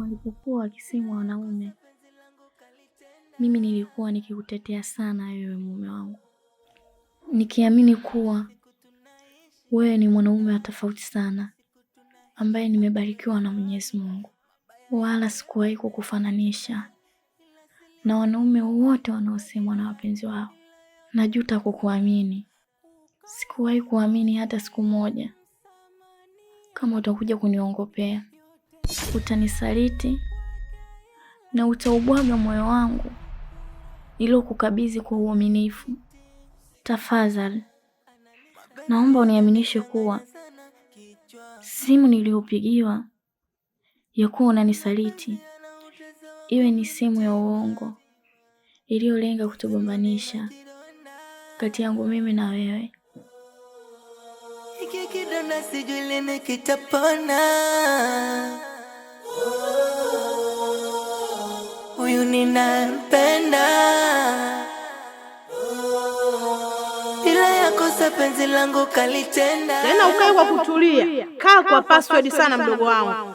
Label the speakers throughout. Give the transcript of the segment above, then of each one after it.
Speaker 1: walipokuwa wakisemwa wanaume, mimi nilikuwa nikikutetea sana wewe mume wangu, nikiamini kuwa wewe ni mwanaume wa tofauti sana ambaye nimebarikiwa na Mwenyezi Mungu, wala sikuwahi kukufananisha na wanaume wote wanaosemwa na wapenzi wao. Najuta kukuamini, sikuwahi kuamini hata siku moja kama utakuja kuniongopea utanisaliti na utaubwaga moyo wangu niliokukabidhi kwa uaminifu. Tafadhali naomba uniaminishe kuwa simu niliyopigiwa ya kuwa unanisaliti iwe ni simu ya uongo iliyolenga kutugombanisha kati yangu mimi na wewe. kidonda kitapona
Speaker 2: huyu ninampenda bila yakosa penzi langu kalitenda. Tena ukae kwa kutulia, kaa kwa password sana, mdogo wangu.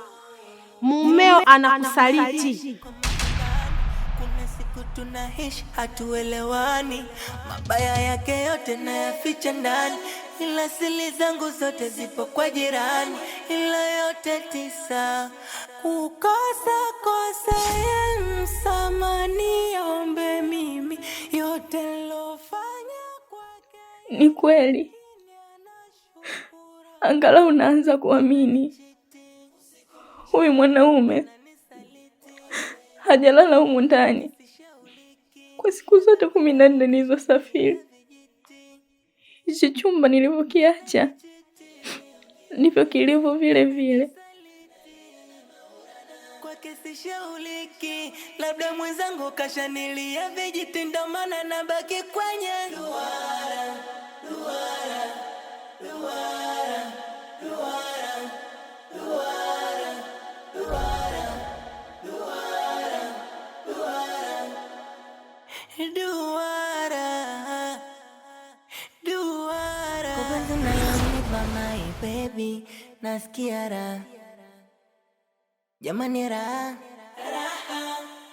Speaker 2: Mumeo anakusaliti. Kuna siku tunaishi hatuelewani, mabaya yake yote nayaficha ndani ila sili zangu zote zipo kwa jirani,
Speaker 1: ila yote tisa kukosa kosa ya msamani, ombe mimi yote nilofanya kwake. Ni kweli, angalau unaanza kuamini huyu mwanaume hajalala humu ndani kwa siku zote kumi na nne nilizosafiri hicho chumba nilivyokiacha ndivyo kilivyo vile vile. Kwake sishauliki, labda mwenzangu kashanilia vijitindamana na baki kwenye duara, duara. baby, nasikia raha jamani, raha raha,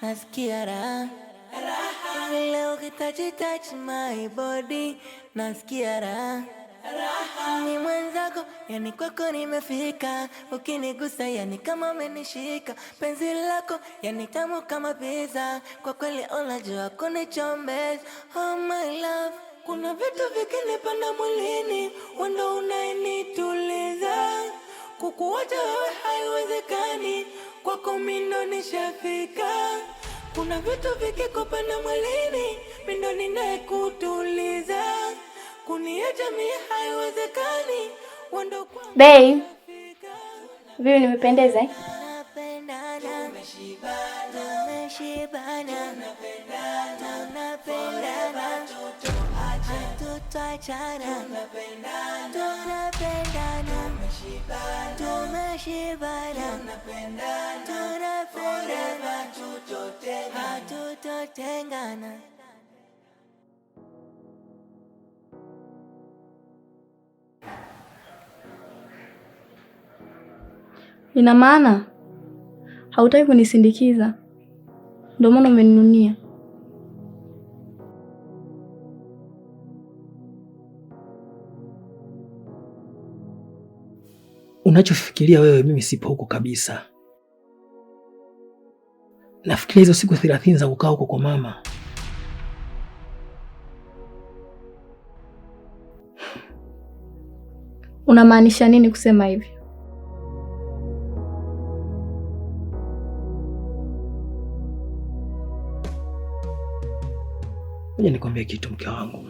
Speaker 1: nasikia raha raha, leo kitaji touch my body, nasikia raha raha, ni mwenzako yani kwako nimefika, ukinigusa yani kama umenishika, penzi lako yani tamu kama pizza, kwa kweli unajua kunichombeza, oh my love kuna vitu vikinipanda mwilini, wendo unayenituliza. Kukuwacha wewe haiwezekani, kwako mimi nishafika. Kuna vitu vikikopanda mwilini, mindo ndo ninayekutuliza. Kuniacha mimi haiwezekani, wendo kwa Babe. Vipi nimependeza eh? tuachana, tunapendana, tumeshibana, tunapendana, hatutotengana. Ina maana hautaki kunisindikiza, ndio maana umeninunia.
Speaker 3: unachofikiria wewe, mimi sipo huko kabisa. Nafikiria hizo siku thelathini za kukaa huko kwa mama,
Speaker 1: unamaanisha nini kusema hivyo?
Speaker 3: Ngoja nikwambie kitu, mke wangu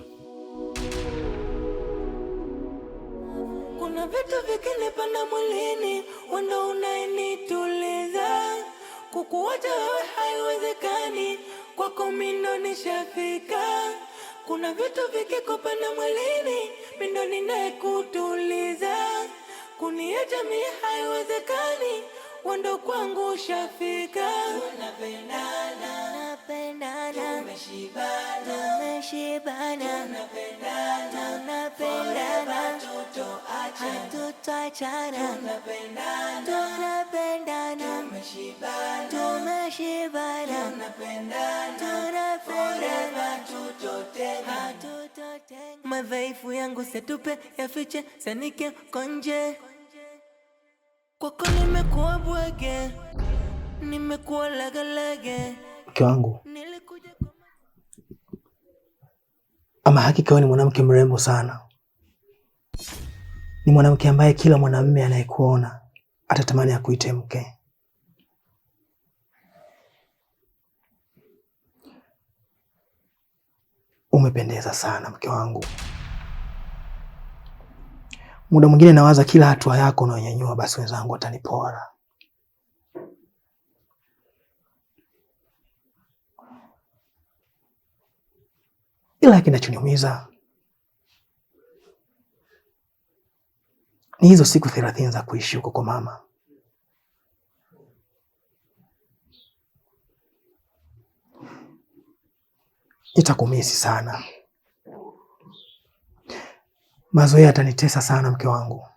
Speaker 3: mwilini, wendo unayenituliza, kukuwacha wewe haiwezekani, kwako mindo nishafika. Kuna vitu vikikopana mwilini, mindo ninayekutuliza, kuniacha mie haiwezekani, wendo kwangu ushafika, tunapendana tunanana, tumeshibana, tunapendana, hatutachana, tunapendana, tumeshibana. Madhaifu yangu setupe yafiche, sanike konje kwako, nimekuwa bwege, nimekuwa lagalage mke wangu, ama hakika wewe ni mwanamke mrembo sana, ni mwanamke ambaye kila mwanamume anayekuona atatamani akuite mke. Umependeza sana mke wangu. Muda mwingine nawaza kila hatua yako unayonyanyua basi wenzangu atanipora ila kinachoniumiza ni hizo siku thelathini za kuishi huko kwa mama. Nitakumisi sana, mazoea yatanitesa sana, mke wangu.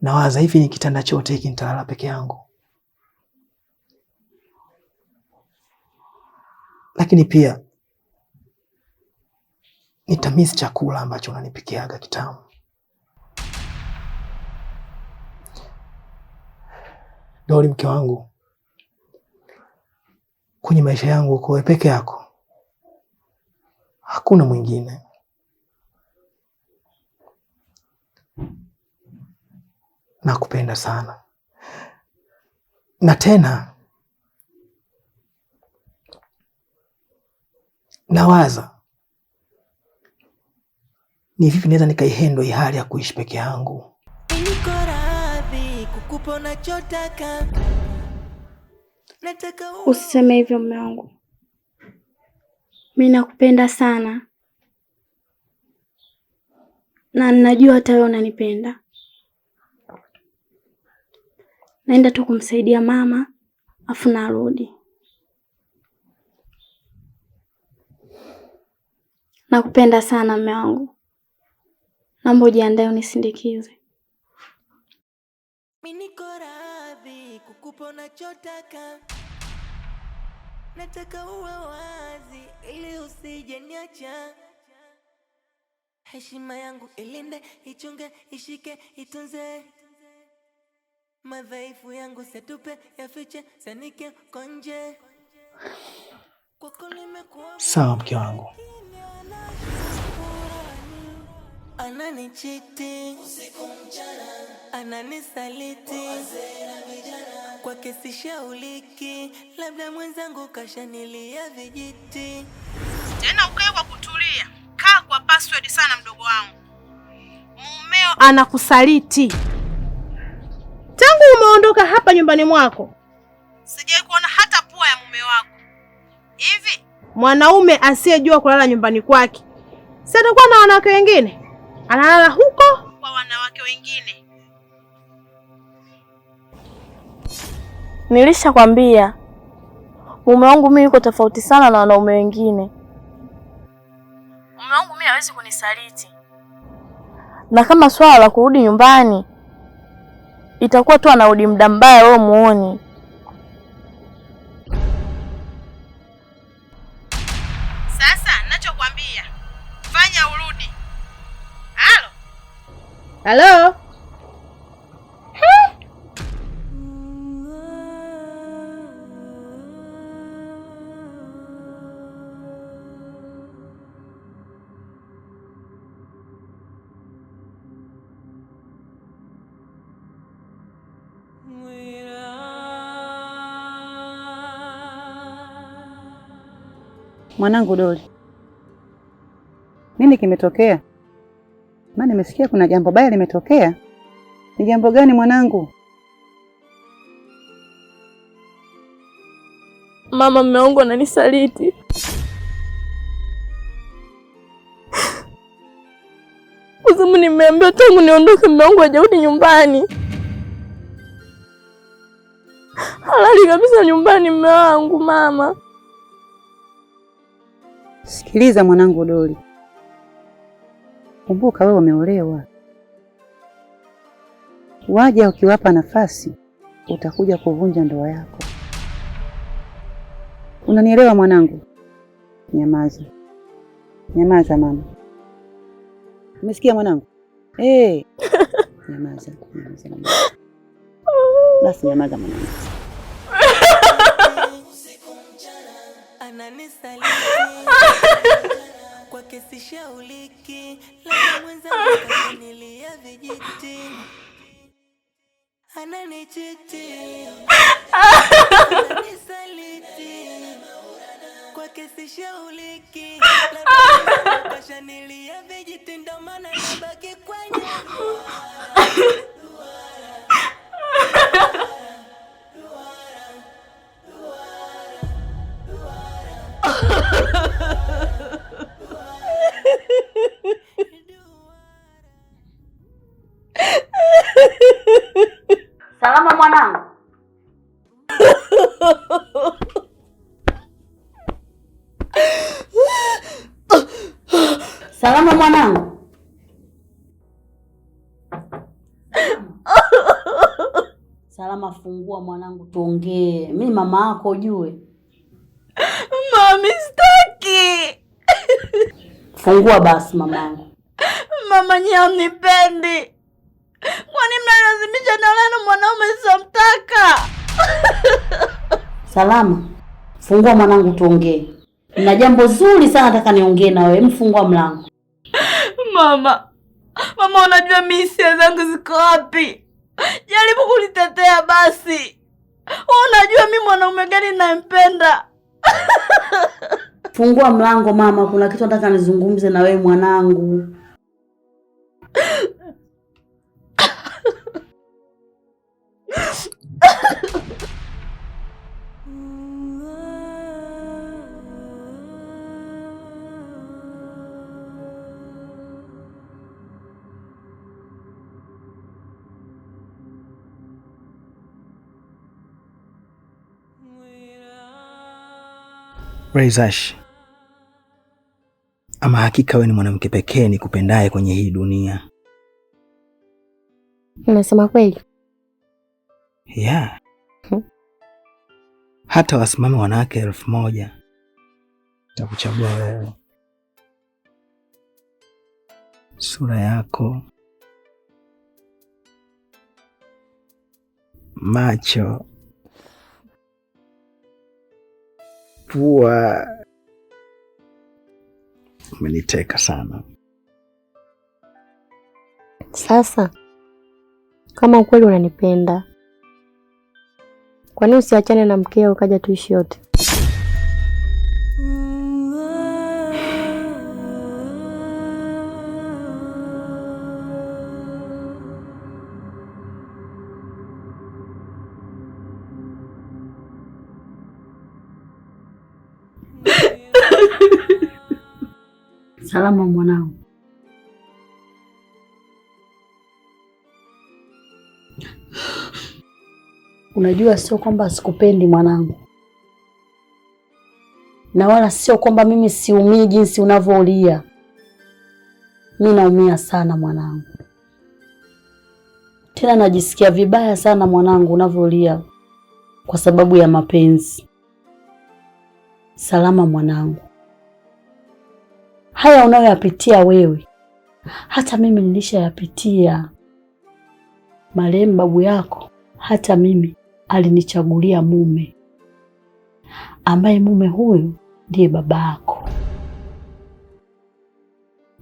Speaker 3: Nawaza hivi, ni kitanda chote hiki nitalala peke yangu? lakini pia nitamis chakula ambacho unanipikiaga kitamu. Dori, mke wangu, kwenye maisha yangu uko peke yako, hakuna mwingine. Nakupenda sana na tena nawaza ni vipi naweza nikaihendo hii hali ya kuishi peke yangu. Niko radhi kukupa unachotaka.
Speaker 1: Nataka usiseme hivyo mume wangu, mi nakupenda sana na ninajua hata wewe unanipenda. Naenda tu kumsaidia mama afu narudi. Nakupenda sana mme wangu, naomba ujiandae unisindikize. Mimi niko radhi kukupa unachotaka, nataka uwe wazi ili usije niacha.
Speaker 3: Heshima yangu ilinde, ichunge, ishike, itunze. Madhaifu yangu setupe, yafiche, sanike konje. nje. Sawa mke wangu. Anani chiti usiku mchana, ananisaliti wazee na vijana, kwake
Speaker 2: sishauliki, labda mwenzangu kashanilia vijiti. Tena ukae kwa kutulia, kaa kwa password sana, mdogo wangu. Mumeo anakusaliti tangu umeondoka hapa nyumbani mwako, sijai kuona hata pua ya mume wako. Hivi mwanaume asiyejua kulala nyumbani kwake si atakuwa na wanawake wengine? analala huko kwa wanawake wengine.
Speaker 1: Nilishakwambia mume wangu mimi yuko tofauti sana na wanaume wengine. Mume wangu mimi hawezi kunisaliti, na kama swala la kurudi nyumbani itakuwa tu anarudi muda mbaya, wewe muone Halo?
Speaker 4: Mwanangu Doli, nini kimetokea? maana nimesikia kuna jambo baya limetokea. Ni jambo gani mwanangu?
Speaker 1: Mama, mume wangu ananisaliti. Kuzimu, nimeambiwa tangu niondoke mume wangu hajarudi nyumbani. Halali kabisa nyumbani mume wangu. Mama,
Speaker 4: sikiliza mwanangu Doli, Kumbuka wewe umeolewa, waja ukiwapa nafasi utakuja kuvunja ndoa yako. Unanielewa mwanangu? Nyamaza, nyamaza mama, umesikia mwanangu? Hey. Eh. Nyamaza, nyamaza mama. Oh. Basi nyamaza mwanangu. kwake sishauliki, labda mwenzangu nilia vijiti, ananichiti ananisaliti, kwake sishauliki, labda nilia vijiti, ndo maana nabaki kwenye Salama mwanangu? Salama, fungua mwanangu, tuongee. Mi mama yako ujue.
Speaker 1: Mami, sitaki.
Speaker 4: Fungua basi mamangu.
Speaker 1: Mama nyi hamnipendi. Kwani mnalazimisha nalea mwanaume somtaka?
Speaker 4: Salama, fungua mwanangu, tuongee. Nina jambo zuri sana nataka niongee na wewe. Mfungua mlango.
Speaker 1: Mama, mama, unajua mi hisia zangu ziko wapi? Jaribu kulitetea basi. Unajua mi mwanaume gani nampenda?
Speaker 4: Fungua mlango mama, kuna kitu nataka nizungumze na wewe mwanangu.
Speaker 3: Raisash, ama hakika wewe ni mwanamke pekee nikupendaye kwenye hii dunia.
Speaker 1: Unasema kweli?
Speaker 3: Yeah. Hmm. Hata wasimame wanawake elfu moja takuchagua wewe. Sura yako, macho kuwa umeniteka sana.
Speaker 1: Sasa kama ukweli unanipenda, kwa nini usiachane na mkeo ukaja tuishi yote?
Speaker 4: usalama mwanao. Unajua, sio kwamba sikupendi mwanangu, na wala sio kwamba mimi siumii jinsi unavyolia. Mi naumia sana mwanangu, tena najisikia vibaya sana mwanangu, unavyolia kwa sababu ya mapenzi. Salama mwanangu, haya unayoyapitia wewe, hata mimi nilishayapitia. Marehemu babu yako hata mimi alinichagulia mume ambaye mume huyu ndiye baba yako.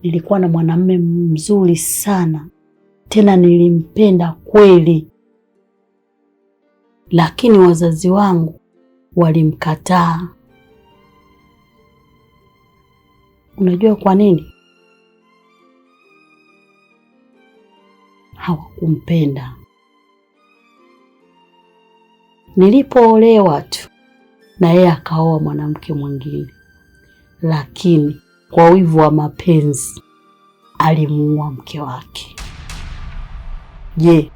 Speaker 4: Nilikuwa na mwanamume mzuri sana, tena nilimpenda kweli, lakini wazazi wangu walimkataa. Unajua kwa nini hawakumpenda? Nilipoolewa tu na yeye akaoa mwanamke mwingine, lakini kwa wivu wa mapenzi alimuua mke wake. Je,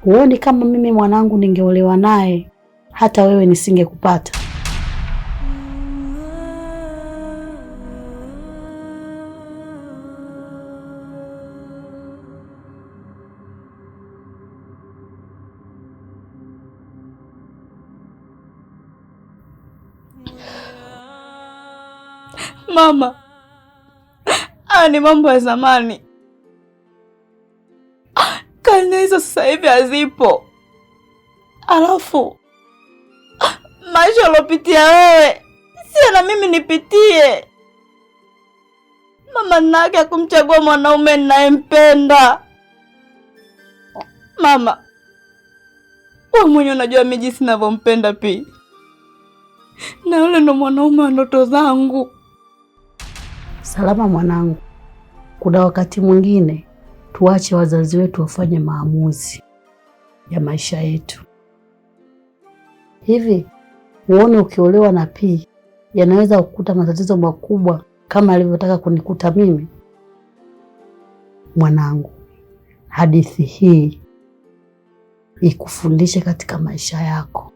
Speaker 4: huoni kama mimi mwanangu ningeolewa naye hata wewe nisingekupata?
Speaker 1: mama, haya ni mambo ya zamani. Karne hizo sasa hivi hazipo. Alafu maisha aliopitia wewe sio na mimi nipitie. Mama nake haki kumchagua mwanaume ninayempenda. Mama, wewe mwenye unajua mimi jinsi ninavyompenda Pi, na yule ndo mwanaume wa ndoto zangu.
Speaker 4: Salama mwanangu, kuna wakati mwingine tuache wazazi wetu wafanye maamuzi ya maisha yetu. Hivi uone ukiolewa na pii yanaweza kukuta matatizo makubwa kama alivyotaka kunikuta mimi? Mwanangu, hadithi hii ikufundishe katika maisha yako.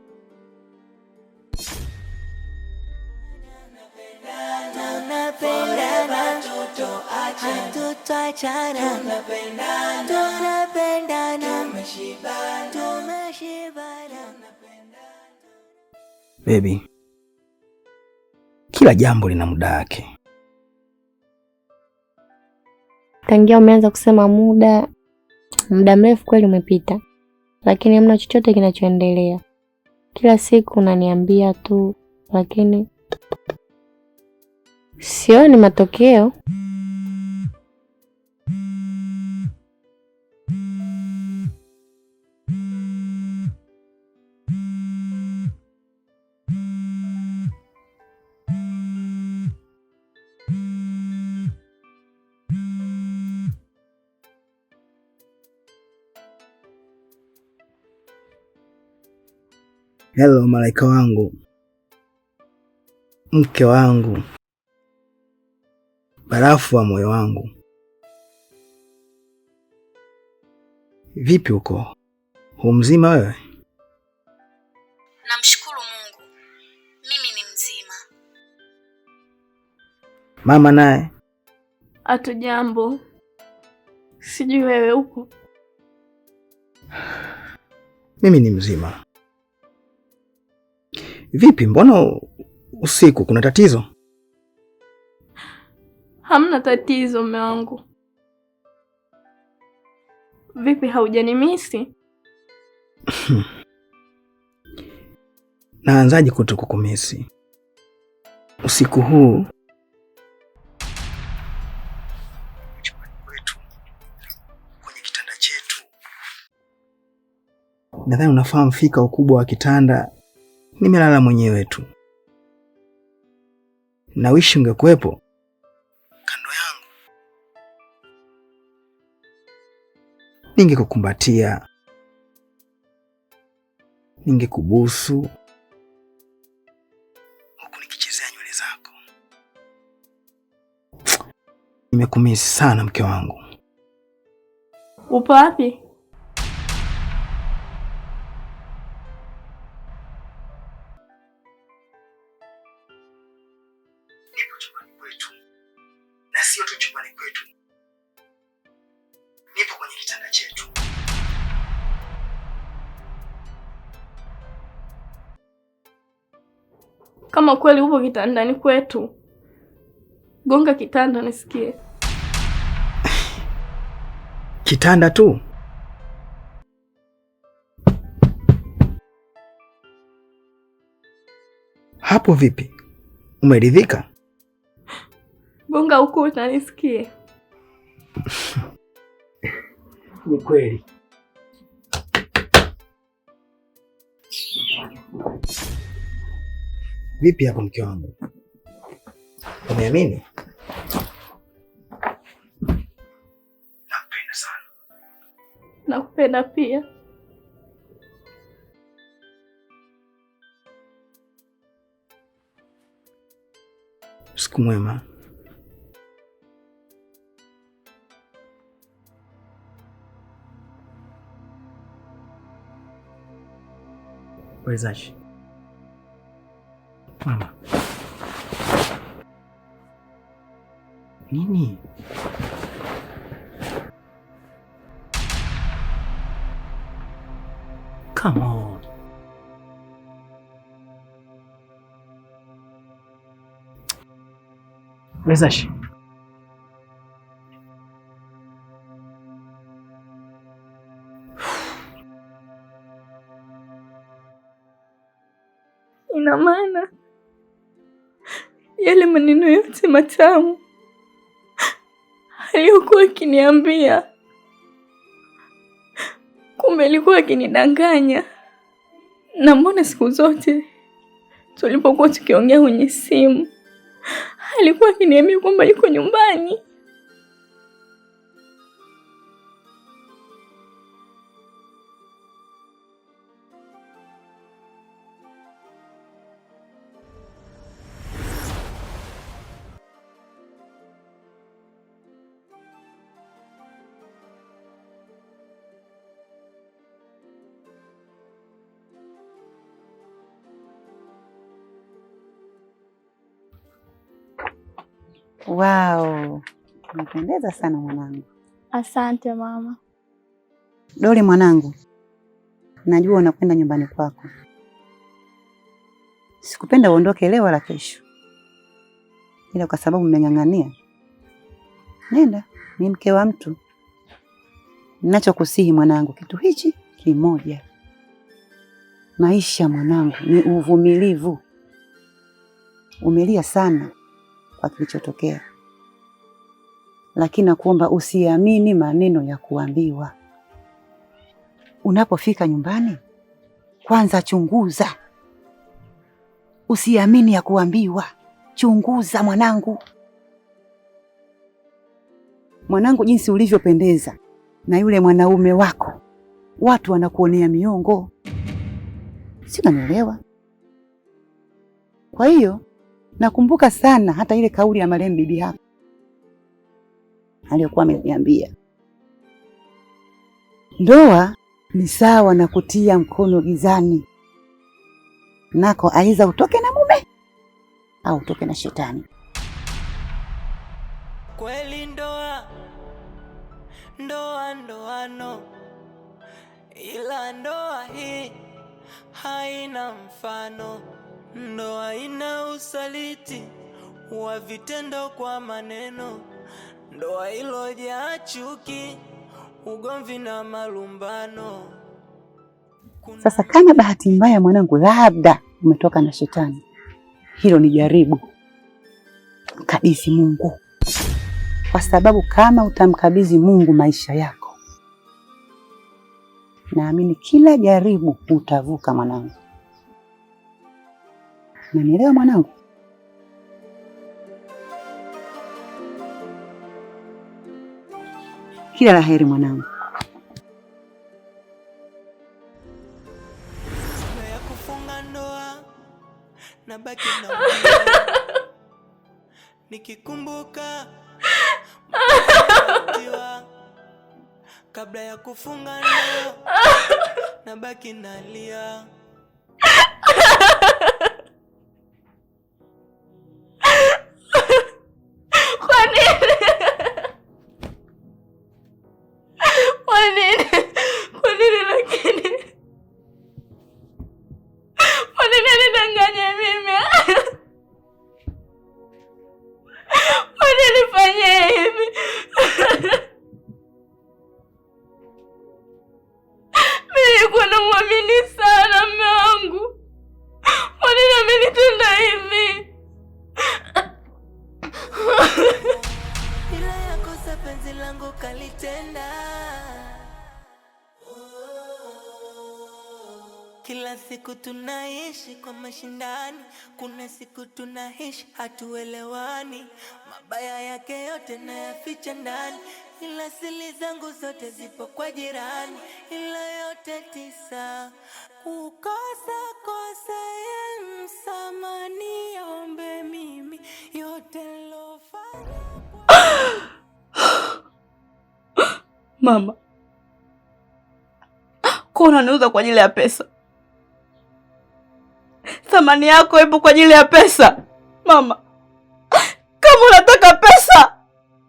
Speaker 3: tunapendana, tumeshibana, Baby, kila jambo lina muda wake.
Speaker 1: Tangia umeanza kusema muda, muda mrefu kweli umepita, lakini hamna chochote kinachoendelea. Kila siku unaniambia tu, lakini sioni matokeo.
Speaker 3: Hello malaika wangu, mke wangu, barafu wa moyo wangu, vipi uko? Hu mzima wewe?
Speaker 1: Namshukuru Mungu, mimi ni mzima.
Speaker 3: Mama naye
Speaker 1: hatu jambo, sijui wewe uko?
Speaker 3: Mimi ni mzima. Vipi, mbona usiku kuna tatizo?
Speaker 1: Hamna tatizo, mume wangu. Vipi, haujanimisi?
Speaker 3: Naanzaje kutukukumisi usiku huu? Nadhani unafahamu fika ukubwa wa kitanda nimelala mwenyewe tu. Nawishi ungekuwepo kando yangu, ningekukumbatia, ningekubusu huku nikichezea nywele zako. Nimekumisi sana mke wangu.
Speaker 1: Upo wapi? Kama kweli upo kitandani kwetu, gonga kitanda nisikie.
Speaker 3: Kitanda tu? Hapo vipi? Umeridhika?
Speaker 1: Gonga ukuta nisikie.
Speaker 3: Ni kweli Vipi hapo mke wangu, uniamini? Nakupenda sana.
Speaker 1: Nakupenda pia.
Speaker 3: Siku mwema. Pois あん。ミニ。かも。珍しい。
Speaker 1: matamu aliyokuwa akiniambia, kumbe alikuwa akinidanganya. Na mbona siku zote tulipokuwa tukiongea kwenye simu alikuwa akiniambia kwamba yuko nyumbani
Speaker 4: Umependeza sana mwanangu.
Speaker 1: Asante mama.
Speaker 4: doli mwanangu, najua unakwenda nyumbani kwako. Sikupenda uondoke leo wala kesho, ila kwa sababu mmeng'ang'ania, nenda. Ni mke wa mtu. Ninachokusihi mwanangu, kitu hichi kimoja, maisha mwanangu ni uvumilivu. Umelia sana kwa kilichotokea lakini nakuomba usiamini maneno ya kuambiwa. Unapofika nyumbani, kwanza chunguza, usiamini ya kuambiwa. Chunguza mwanangu, mwanangu, jinsi ulivyopendeza na yule mwanaume wako, watu wanakuonea miongo, si unanielewa? Kwa hiyo nakumbuka sana hata ile kauli ya marehemu bibi hapa aliyokuwa ameniambia. Ndoa ni sawa na kutia mkono gizani, nako aiza utoke na mume au utoke na shetani. Kweli ndoa ndoa ndoano, ila ndoa hii haina mfano. Ndoa ina usaliti wa vitendo kwa maneno Doa ilojaa chuki, ugomvi na malumbano. Sasa kama bahati mbaya mwanangu, labda umetoka na shetani, hilo ni jaribu, mkabidhi Mungu, kwa sababu kama utamkabidhi Mungu maisha yako, naamini kila jaribu utavuka mwanangu. Nanielewa mwanangu? Kila la heri mwanangu. kufunga ndoa nikikumbuka kabla ya kufunga ndoa nabaki nalia
Speaker 1: siku tunaishi kwa mashindani, kuna siku tunaishi hatuelewani. Mabaya yake yote nayaficha ndani, ila siri zangu zote zipo kwa jirani. Ila yote tisa kukosa kosa ya msamani niombe mimi yote nilofanya mama, kuna niuza kwa ajili ya pesa thamani yako ipo kwa ajili ya pesa. Mama, kama unataka pesa,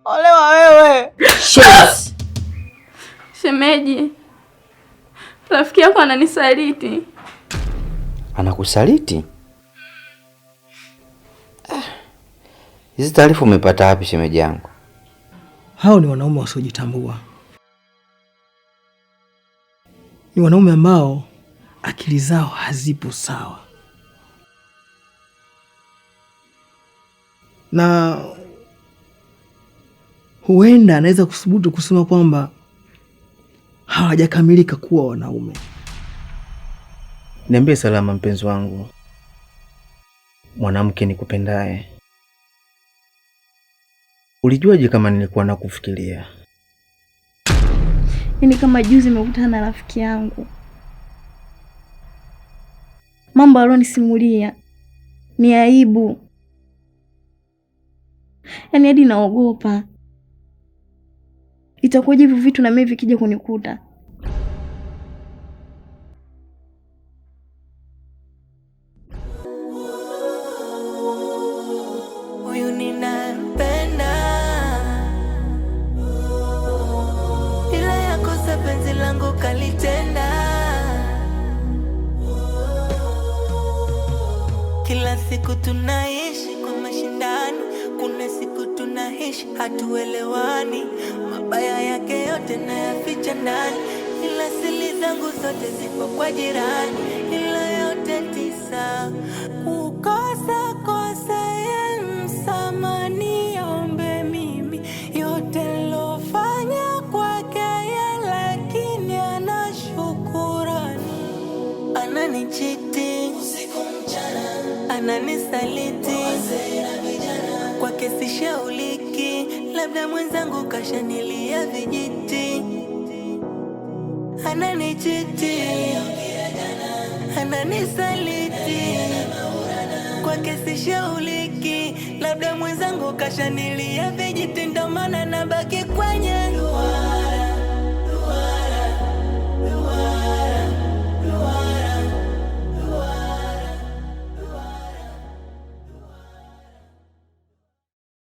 Speaker 1: olewa wewe. Shemeji, rafiki yako ananisaliti.
Speaker 3: Anakusaliti? Eh, hizi taarifa umepata wapi shemeji yangu? Hao ni wanaume wasiojitambua, ni wanaume ambao akili zao hazipo sawa. na huenda anaweza kuthubutu kusema kwamba hawajakamilika kuwa wanaume. Niambie salama, mpenzi wangu, mwanamke nikupendaye, ulijuaje kama nilikuwa nakufikiria?
Speaker 1: ini kama juzi nimekutana na rafiki yangu, mambo alionisimulia ni aibu yaani hadi naogopa itakuwaje hivyo vitu na mimi vikija kunikuta.